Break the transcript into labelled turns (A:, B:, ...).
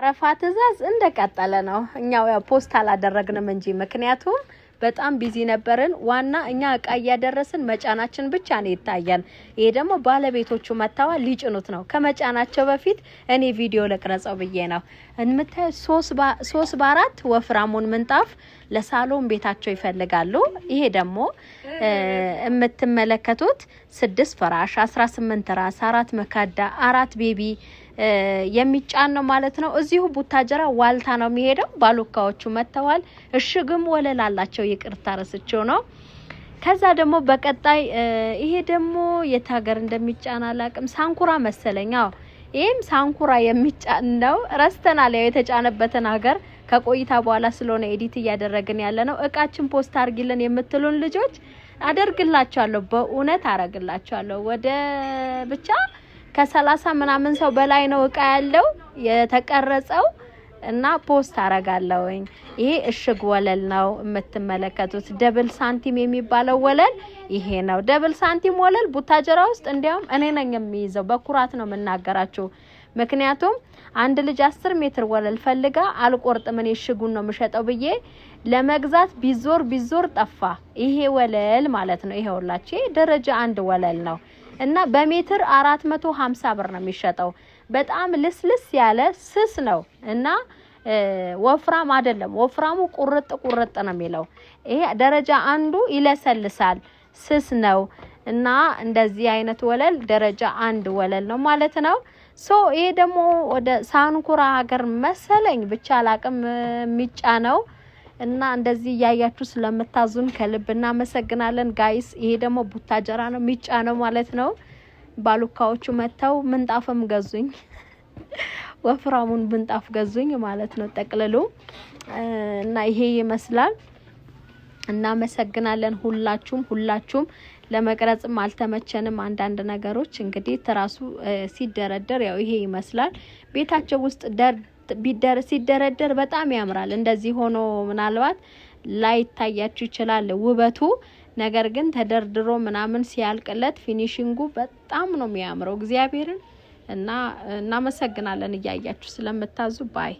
A: አረፋ ትዕዛዝ እንደቀጠለ ነው። እኛው ያው ፖስት አላደረግንም እንጂ ምክንያቱም በጣም ቢዚ ነበርን። ዋና እኛ እቃ እያደረስን መጫናችን ብቻ ነው ይታያል። ይሄ ደግሞ ባለቤቶቹ መታዋ ሊጭኑት ነው። ከመጫናቸው በፊት እኔ ቪዲዮ ለቅረጸው ብዬ ነው የምታየው። ሶስት በአራት ወፍራሙን ምንጣፍ ለሳሎን ቤታቸው ይፈልጋሉ። ይሄ ደግሞ የምትመለከቱት ስድስት ፍራሽ፣ አስራ ስምንት ራስ፣ አራት መካዳ፣ አራት ቤቢ የሚጫን ነው ማለት ነው። እዚሁ ቡታጀራ ዋልታ ነው የሚሄደው። ባሉካዎቹ መጥተዋል። እሽግም ወለል አላቸው። ይቅርታ ረስቸው ነው። ከዛ ደግሞ በቀጣይ ይሄ ደግሞ የት ሀገር እንደሚጫን አላቅም። ሳንኩራ መሰለኝ። ይህም ሳንኩራ የሚጫን ነው። ረስተናል። ያው የተጫነበትን ሀገር ከቆይታ በኋላ ስለሆነ ኤዲት እያደረግን ያለ ነው። እቃችን ፖስት አርጊልን የምትሉን ልጆች አደርግላችኋለሁ፣ በእውነት አረግላችኋለሁ። ወደ ብቻ ከሰላሳ ምናምን ሰው በላይ ነው እቃ ያለው የተቀረጸው እና ፖስት አረጋለሁኝ። ይሄ እሽግ ወለል ነው የምትመለከቱት። ደብል ሳንቲም የሚባለው ወለል ይሄ ነው። ደብል ሳንቲም ወለል ቡታጀራ ውስጥ እንዲያውም እኔ ነኝ የሚይዘው። በኩራት ነው የምናገራችሁ። ምክንያቱም አንድ ልጅ አስር ሜትር ወለል ፈልጋ አልቆርጥም እኔ እሽጉን ነው የምሸጠው ብዬ ለመግዛት ቢዞር ቢዞር ጠፋ። ይሄ ወለል ማለት ነው። ይሄ ሁላችሁ ደረጃ አንድ ወለል ነው። እና በሜትር 450 ብር ነው የሚሸጠው። በጣም ልስልስ ያለ ስስ ነው እና ወፍራም አይደለም። ወፍራሙ ቁርጥ ቁርጥ ነው የሚለው። ይሄ ደረጃ አንዱ ይለሰልሳል፣ ስስ ነው እና እንደዚህ አይነት ወለል ደረጃ አንድ ወለል ነው ማለት ነው። ሶ ይሄ ደግሞ ወደ ሳንኩራ ሀገር መሰለኝ ብቻ አላቅም ነው። እና እንደዚህ እያያችሁ ስለምታዙን ከልብ እናመሰግናለን ጋይስ። ይሄ ደግሞ ቡታጀራ ነው፣ ሚጫ ነው ማለት ነው። ባሉካዎቹ መጥተው ምንጣፍም ገዙኝ፣ ወፍራሙን ምንጣፍ ገዙኝ ማለት ነው ጠቅልሉ እና ይሄ ይመስላል። እናመሰግናለን ሁላችሁም ሁላችሁም። ለመቅረጽም አልተመቸንም አንዳንድ ነገሮች እንግዲህ ትራሱ ሲደረደር ያው ይሄ ይመስላል ቤታቸው ውስጥ ደር ሲደረደር በጣም ያምራል። እንደዚህ ሆኖ ምናልባት ላይታያችሁ ይችላል ውበቱ። ነገር ግን ተደርድሮ ምናምን ሲያልቅለት ፊኒሽንጉ በጣም ነው የሚያምረው እግዚአብሔርን እና እናመሰግናለን እያያችሁ ስለምታዙ ባይ